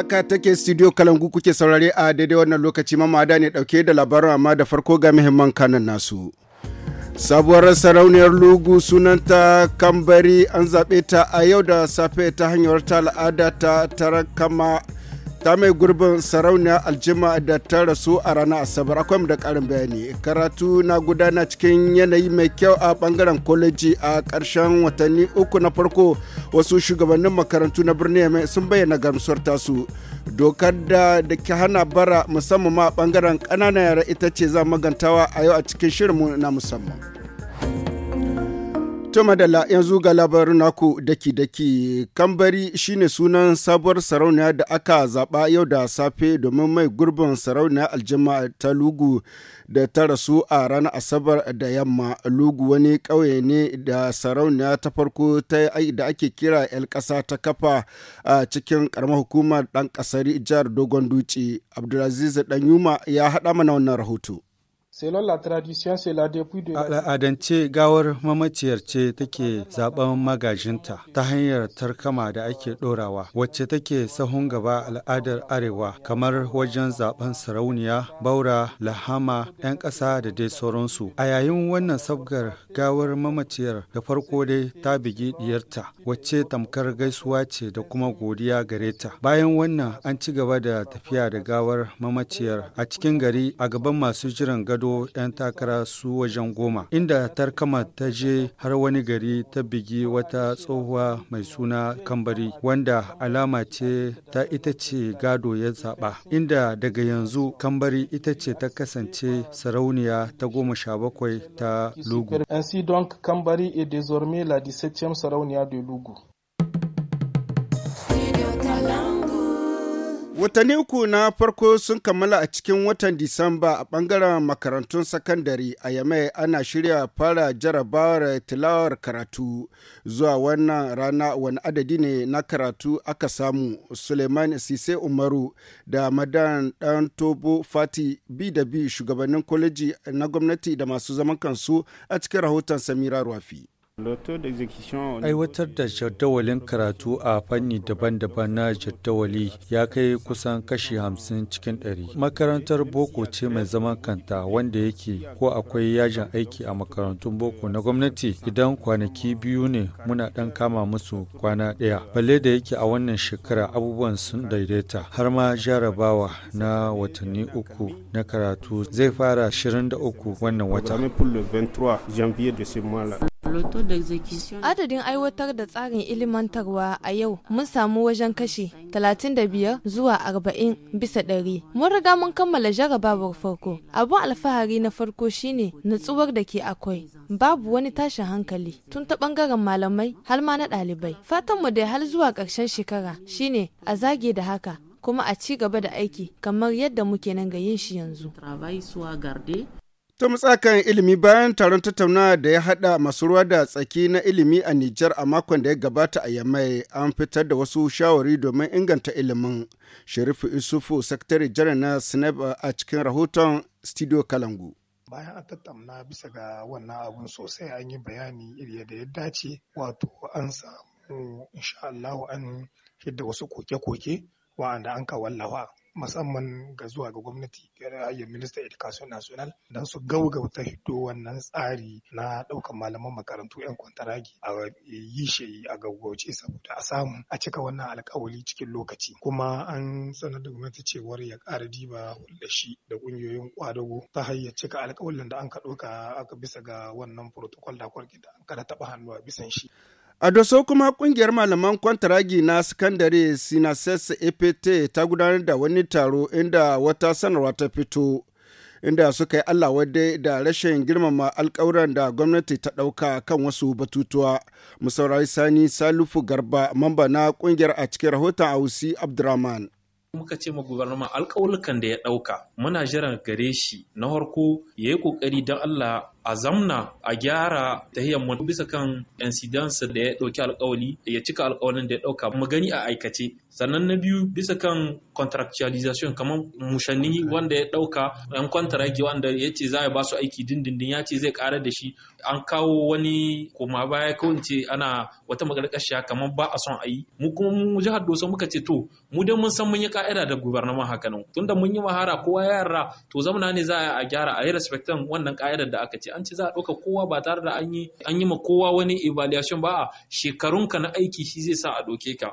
haka take studio kalangu kuke saurare a daidai wannan lokaci mamada ne dauke da labarin amma da farko ga muhimman kanan nasu. sabuwar sarauniyar lugu sunanta kambari an zaɓe ta a yau da safe ta hanyar ta al'ada ta tarakama ta mai gurbin sarauniya aljima da ta rasu a ranar asabar akwai da karin bayani karatu na gudana cikin yanayi mai kyau a bangaren koleji a ƙarshen watanni uku na farko wasu shugabannin makarantu na birni mai sun bayyana gamsuwar tasu dokar da da ke hana bara musamman ma bangaren kananan yara ita ce za magantawa a yau a cikin shirinmu na musamman To madalla yanzu ga labarin naku daki-daki kambari shine sunan sabuwar sarauniya da aka zaɓa yau da safe domin mai gurbin sarauniya aljima ta lugu da ta rasu a ranar asabar da yamma lugu wani ƙauye ne da sarauniya ta farko ta da ake kira 'yan ƙasa ta kafa a cikin ƙaramar hukumar ɗan ƙasar jihar dogon dutse abdulaziz ɗanyuma ya haɗa mana wannan rahoto. Selon la tradition, c'est la depuis de... Al'adance gawar mamaciyar ce take zaben magajinta ta hanyar tarkama da ake ɗorawa, wacce take sahun gaba al'adar arewa kamar wajen zaben sarauniya, baura, lahama, 'yan ƙasa da dai sauransu. A yayin wannan sabgar gawar mamaciyar da farko dai ta bigi diyarta, wacce tamkar gaisuwa ce da kuma godiya gare ta. Bayan wannan an ci gaba da tafiya da gawar mamaciyar a cikin gari a gaban masu jiran gado 'yan takara su wajen goma inda tarkama ta je har wani gari ta bigi wata tsohuwa mai suna kambari wanda alama ce ta ita ce gado ya zaba inda daga yanzu kambari ita ce ta kasance sarauniya ta goma sha bakwai ta lugu. Ainsi donc Kambari est désormais la 17e sarauniya de Lugu. Watanni uku na farko sun kammala a cikin watan Disamba a ɓangaren makarantun sakandare a Yamai ana shirya fara jarabawar tilawar karatu zuwa wannan rana wani adadi ne na karatu aka samu Suleiman Sise Umaru da Madan Dan Tobo Fati B da B shugabannin kwaleji na gwamnati da masu zaman kansu a cikin rahoton Samira Rafi. Aiwatar da jadawalin karatu a fanni daban-daban na jadawali ya kai kusan kashi hamsin cikin ɗari. Makarantar boko ce mai zaman kanta wanda yake ko akwai yajin aiki a makarantun boko na gwamnati idan kwanaki biyu ne muna ɗan kama musu kwana ɗaya. Balle da yake a wannan shekara abubuwan sun daidaita har ma jarabawa na watanni uku na karatu zai fara 23 wannan wata. Adadin aiwatar da tsarin ilimantarwa a yau mun samu wajen kashi 35 zuwa 40 bisa ɗari. Mun riga mun kammala jarabawar farko. Abun alfahari na farko shine nutsuwar da ke akwai. Babu wani tashin hankali tun ta bangaren malamai har ma na ɗalibai. mu dai har zuwa ƙarshen shekara shine a zage da haka kuma a ci gaba da aiki kamar yadda muke nan ga yin shi yanzu. ta matsakan ilimi bayan taron tattaunawa da ya hada masu ruwa da tsaki na ilimi a Nijar a makon da ya gabata a Yamai an fitar da wasu shawari domin inganta ilimin. Sharifu Isufu, Sakatare Janar na Sinab a cikin rahoton Studio Kalangu. bayan an tattauna bisa ga wannan abun sosai an yi bayani iri da ya dace wato an samu insha Allah an hidda wasu koke-koke wa'anda an ka wallafa musamman ga zuwa ga gwamnati ra'ayin minista education national don su gaugauta hito wannan tsari na ɗaukan malaman makarantu 'yan kwantaragi a yi shi a gaugauce saboda a samu a cika wannan alkawali cikin lokaci kuma an sanar da gwamnati cewar ya ƙara diba da shi da ƙungiyoyin kwadago ta hanyar cika alkawalin da an ka ɗauka aka bisa ga wannan protocol da kwarki da an kada taɓa hannu a bisan shi A doso kuma kungiyar malaman kwantaragi na sakandare Sinases APT e ta gudanar da wani taro inda wata sanarwa ta fito. Inda suka yi Allah wadai da rashin girmama alkawuran da gwamnati ta ɗauka kan wasu batutuwa. Musaurari Sani Salufu Garba, mamba na kungiyar a cikin rahoton Ausi Abdurrahman. muka ce ma gubernama alƙawulukan da ya ɗauka muna jiran gare shi na farko ya yi ƙoƙari don Allah a zamna a gyara tahiyar mu bisa kan incidence da ya ɗauki alkawali ya cika alkawalin da ya ɗauka mu gani a aikace sannan na biyu bisa kan contractualization kamar mushanni wanda ya dauka yan kwantaragi wanda ya ce za a ba aiki dindindin ya ce zai kara da shi an kawo wani koma baya ko ce ana wata magarƙashiya kamar ba a son a yi mu kuma mu jihar dosa muka ce to mu dai mun san mun yi ka'ida da gubernaman haka nan tunda mun yi mahara kowa yara to zamana ne za a gyara a yi respectan wannan ka'idar da aka ce ce an ce za a ɗauka kowa ba tare da an yi ma kowa wani evaluation ba a shekarunka na aiki shi zai sa a ɗauke ka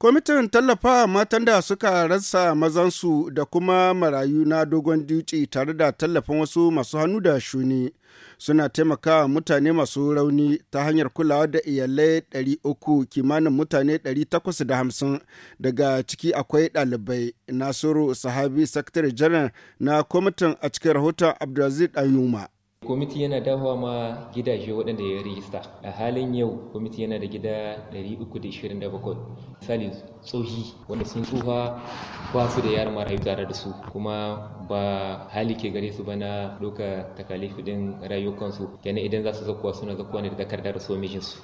Kwamitin tallafa matan da suka rasa mazansu da kuma marayu na dogon duci tare da tallafin wasu masu hannu da shuni suna taimakawa mutane masu rauni ta hanyar kulawa da iyalai 300 kimanin mutane 850 daga ciki akwai ɗalibai. Nasiru Sahabi Sakatare Janar na kwamitin a cikin rahoton Abdulaziz Ayuma. kwamiti yana dawowa ma gidaje waɗanda ya rijista a halin yau kwamiti yana da gida 327 misali tsohi wanda sun tsufa ba su da yaran marayu tare da su kuma ba hali ke gare su ba na doka takalifi din rayukansu kenan idan za su zakuwa suna zakuwa ne da takardar da su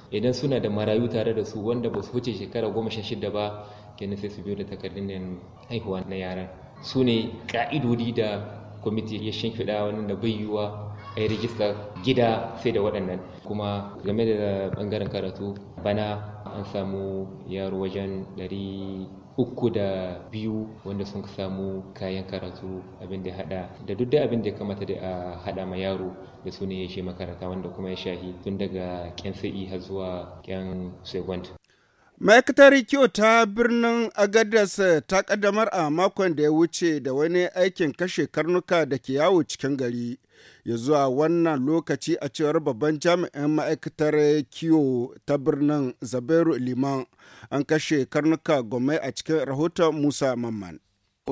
idan suna da marayu tare da su wanda ba su wuce shekara goma sha shida ba kenan sai su biyo da takardun haihuwa na yaran su ne ka'idodi da kwamiti ya shimfiɗa wanda bai yiwuwa a yi rijista gida sai da waɗannan kuma game da ɓangaren karatu bana an samu yaro wajen ɗari uku da biyu wanda sun samu kayan karatu abin da hada da duk da abin da kamata da a hada ma yaro da su ne ya shi makaranta wanda kuma ya shahi tun daga kyan sai e har zuwa kyan segwant ma'aikatar kiwo ta birnin agadas ta kaddamar a makon da ya wuce da wani aikin kashe karnuka da ke yawo cikin gari ya zuwa wannan lokaci a cewar babban jami'in ma'aikatar kiwo ta birnin zabairu liman an kashe karnuka gomai a cikin rahoton musa mamman A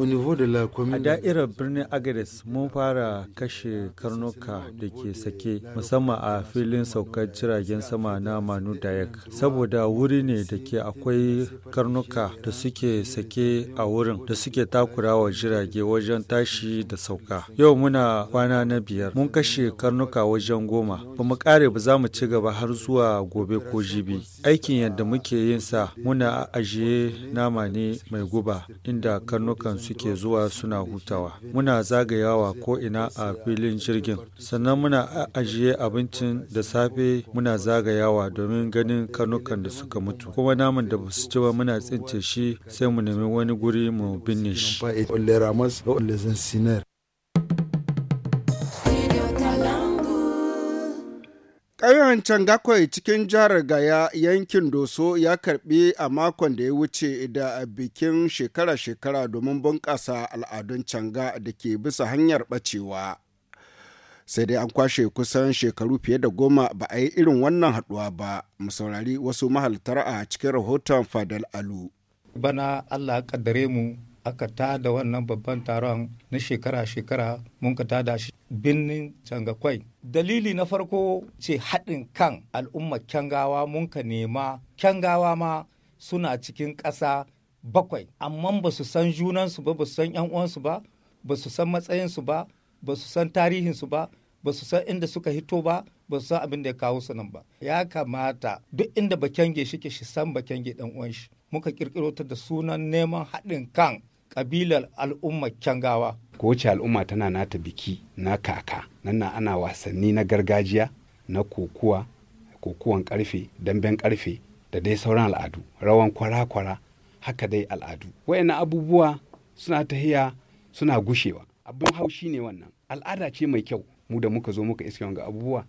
da'irar birnin agadez mun fara kashe karnuka da ke sake musamman a filin saukar jiragen sama na Manu Dayak saboda wuri ne da ke akwai karnuka da suke sake a wurin da suke takura wa jirage wajen tashi da sauka. Yau muna kwana na biyar mun kashe karnuka wajen goma ba mu kare ba za mu ci gaba har zuwa gobe ko jibi. Aikin yadda muke yin sa muna ajiye nama ne mai guba inda karnukan suke zuwa suna hutawa muna zagayawa ko ina a filin jirgin sannan muna ajiye abincin da safe muna zagayawa domin ganin kanukan da suka mutu kuma namun da basu ci ba muna tsince shi sai mu nemi wani guri mu binne shi Ƙauyen Cangakwai cikin jihar Gaya yankin Doso ya karbi a makon da ya wuce da bikin shekara-shekara domin bunƙasa al'adun canga da ke bisa hanyar ɓacewa. Sai dai an kwashe kusan shekaru fiye da goma ba a yi irin wannan haɗuwa ba, mu saurari wasu mahaltar a cikin rahoton Fadal Alu. Bana Allah ƙaddare mu aka tada wannan babban taron na shekara-shekara mun ka tada shi birnin cangakwai dalili na farko ce haɗin kan al'ummar kyangawa mun ka nema kyangawa ma suna cikin ƙasa bakwai amma ba su san junansu ba ba su san yan uwansu ba ba su san matsayinsu ba ba su san tarihinsu ba ba su san inda suka hito ba ba su san abin da ya kawo su nan ba ya kamata duk inda bakyange shike shi san bakyange ɗan uwan shi muka kirkiro ta da sunan neman haɗin kan kabilar al'ummar kyangawa wace al'umma tana nata biki na kaka nan na ana wasanni na gargajiya na kokuwa kokuwan karfe damben karfe da dai sauran al'adu rawan kwara-kwara haka dai al'adu Wayan abubuwa suna tahiya suna gushewa abin haushi ne wannan al'ada ce mai kyau mu da muka zo muka iske wanga abubuwa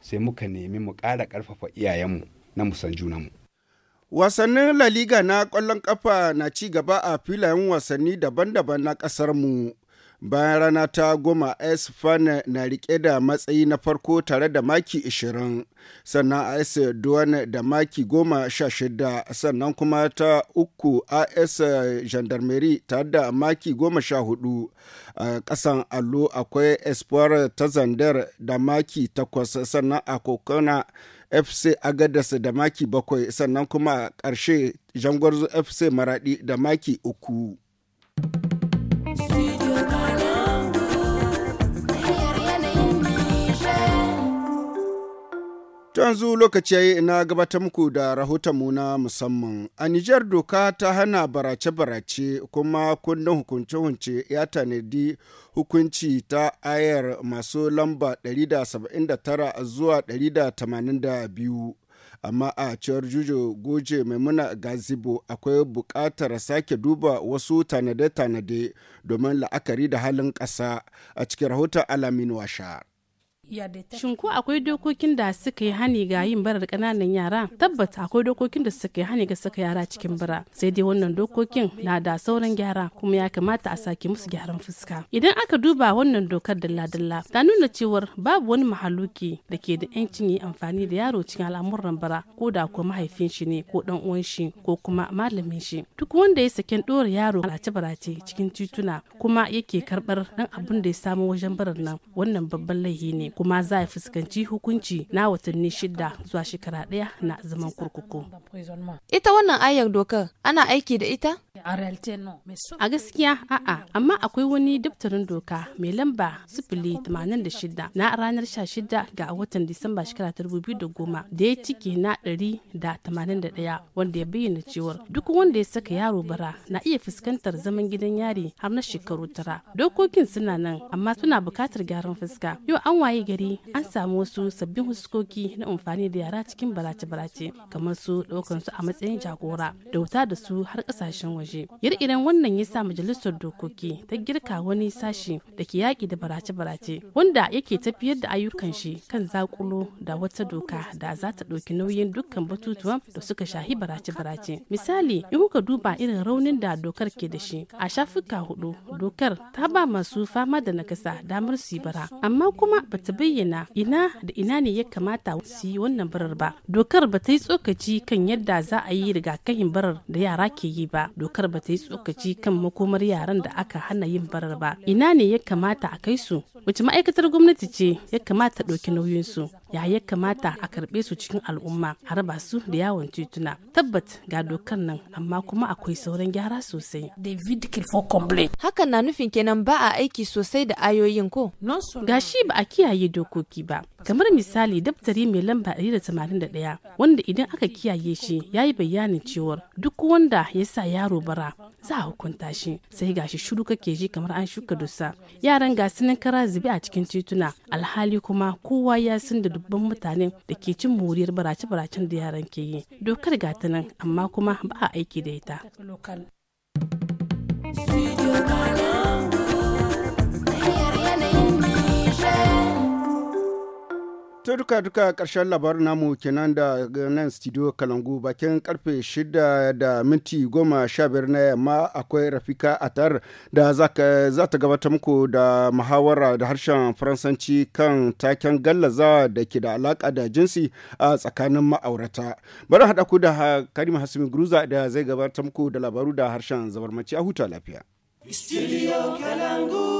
sai muka nemi mu ƙara ƙarfafa iyayenmu na musan junanmu Wasannin laliga na ƙwallon ƙafa na ci gaba a filayen wasanni daban-daban na ƙasarmu. Bayan rana ta goma fan na rike da matsayi na farko tare da maki 20, sannan AS Duwan da maki 16, sannan kuma ta uku AS Gendarmerie tare da maki 14. A ƙasan allo akwai Espoir ta Zandar da maki takwas sannan a Kokona fc agadas da maki bakwai sannan kuma a ƙarshe jangwarzo fc maradi da maki uku. To yanzu lokaci yayi na gabatar muku da rahotonmu na musamman. A Nijar doka ta hana barace-barace kuma kundin hukunce-hunce ya tanadi hukunci ta ayar masu lamba 179 zuwa 182. Amma a cewar Jujo Goje Maimuna Gazibo akwai buƙatar sake duba wasu tanade-tanade domin la'akari da halin ƙasa a cikin rahoton Alamin Washa. Shin ko akwai dokokin da suka yi hani ga yin barar ƙananan yara? Tabbata akwai dokokin da suka yi hani ga saka yara cikin bara. Sai dai wannan dokokin na da sauran gyara kuma ya kamata a sake musu gyaran fuska. Idan aka duba wannan dokar dalla-dalla ta nuna cewar babu wani mahaluki da ke da 'yancin yi amfani da yaro cikin al'amuran bara ko da kuwa mahaifin shi ne ko dan uwan shi ko kuma malamin shi. Duk wanda ya saken ɗora yaro barace-barace cikin tituna kuma yake karɓar dan abin da ya samu wajen barar nan wannan babban laifi ne kuma za a fuskanci hukunci na watanni shida zuwa shekara ɗaya na zaman kurkuku. Ita wannan ayar dokar ana aiki da ita? A gaskiya a'a amma akwai wani daftarin doka mai lamba sifili 86 na ranar 16 ga watan Disamba shekara 2010 da ya cike na 181 wanda ya bayyana cewar duk wanda ya saka yaro bara na iya fuskantar zaman gidan yari har na shekaru tara. Dokokin suna nan amma suna bukatar gyaran fuska. Yau an waye gari an samu wasu sabbin huskoki na amfani da yara cikin barace-barace kamar su daukan su a matsayin jagora da wuta da su har kasashen waje ire-iren wannan ya sa majalisar dokoki ta girka wani sashi da ke yaƙi da barace-barace wanda yake tafiyar da ayyukan shi kan zakulo da wata doka da za ta ɗauki nauyin dukkan batutuwan da suka shahi barace-barace misali in kuka duba irin raunin da dokar ke da shi a shafuka hudu dokar ta ba masu fama da nakasa damar su yi bara amma kuma bata bayyana ina da ina ne ya kamata su yi wannan barar ba dokar ba ta yi tsokaci kan yadda za a yi rigakafin barar da yara ke yi ba dokar ba ta yi tsokaci kan makomar yaran da aka hana yin barar ba ina ne ya kamata a kai su wace ma'aikatar gwamnati ce ya kamata ɗauki nauyin su ya ya kamata a karɓe su cikin al'umma a raba su da yawon tituna tabbat ga dokar nan amma kuma akwai sauran gyara sosai david hakan na nufin kenan ba a aiki sosai da ayoyin ko gashi ba a kiyaye dokoki ba kamar misali daftari mai lamba 181 wanda idan aka kiyaye shi ya yi bayanin cewar duk wanda ya sa yaro bara za a hukunta shi sai gashi shuru kake ji kamar an shuka dusa yaran ga sunan kara zube a cikin tituna alhali kuma kowa ya san da dubban mutane da ke cin moriyar barace-baracen da yaran ke yi dokar gata nan amma kuma ba a aiki da ita. Studio to duka duka karshen labarin namu kenan da nan studio kalangu bakin karfe shida da minti goma sha biyar na yamma akwai rafika atar da za ta gabata muku da muhawara da harshen faransanci kan taken gallaza da ke da alaka da jinsi a tsakanin ma'aurata bari haɗa ku da karima hasimi guruza da zai gabatar muku da labaru da harshen zabarmaci a huta lafiya. Studio Kalangu.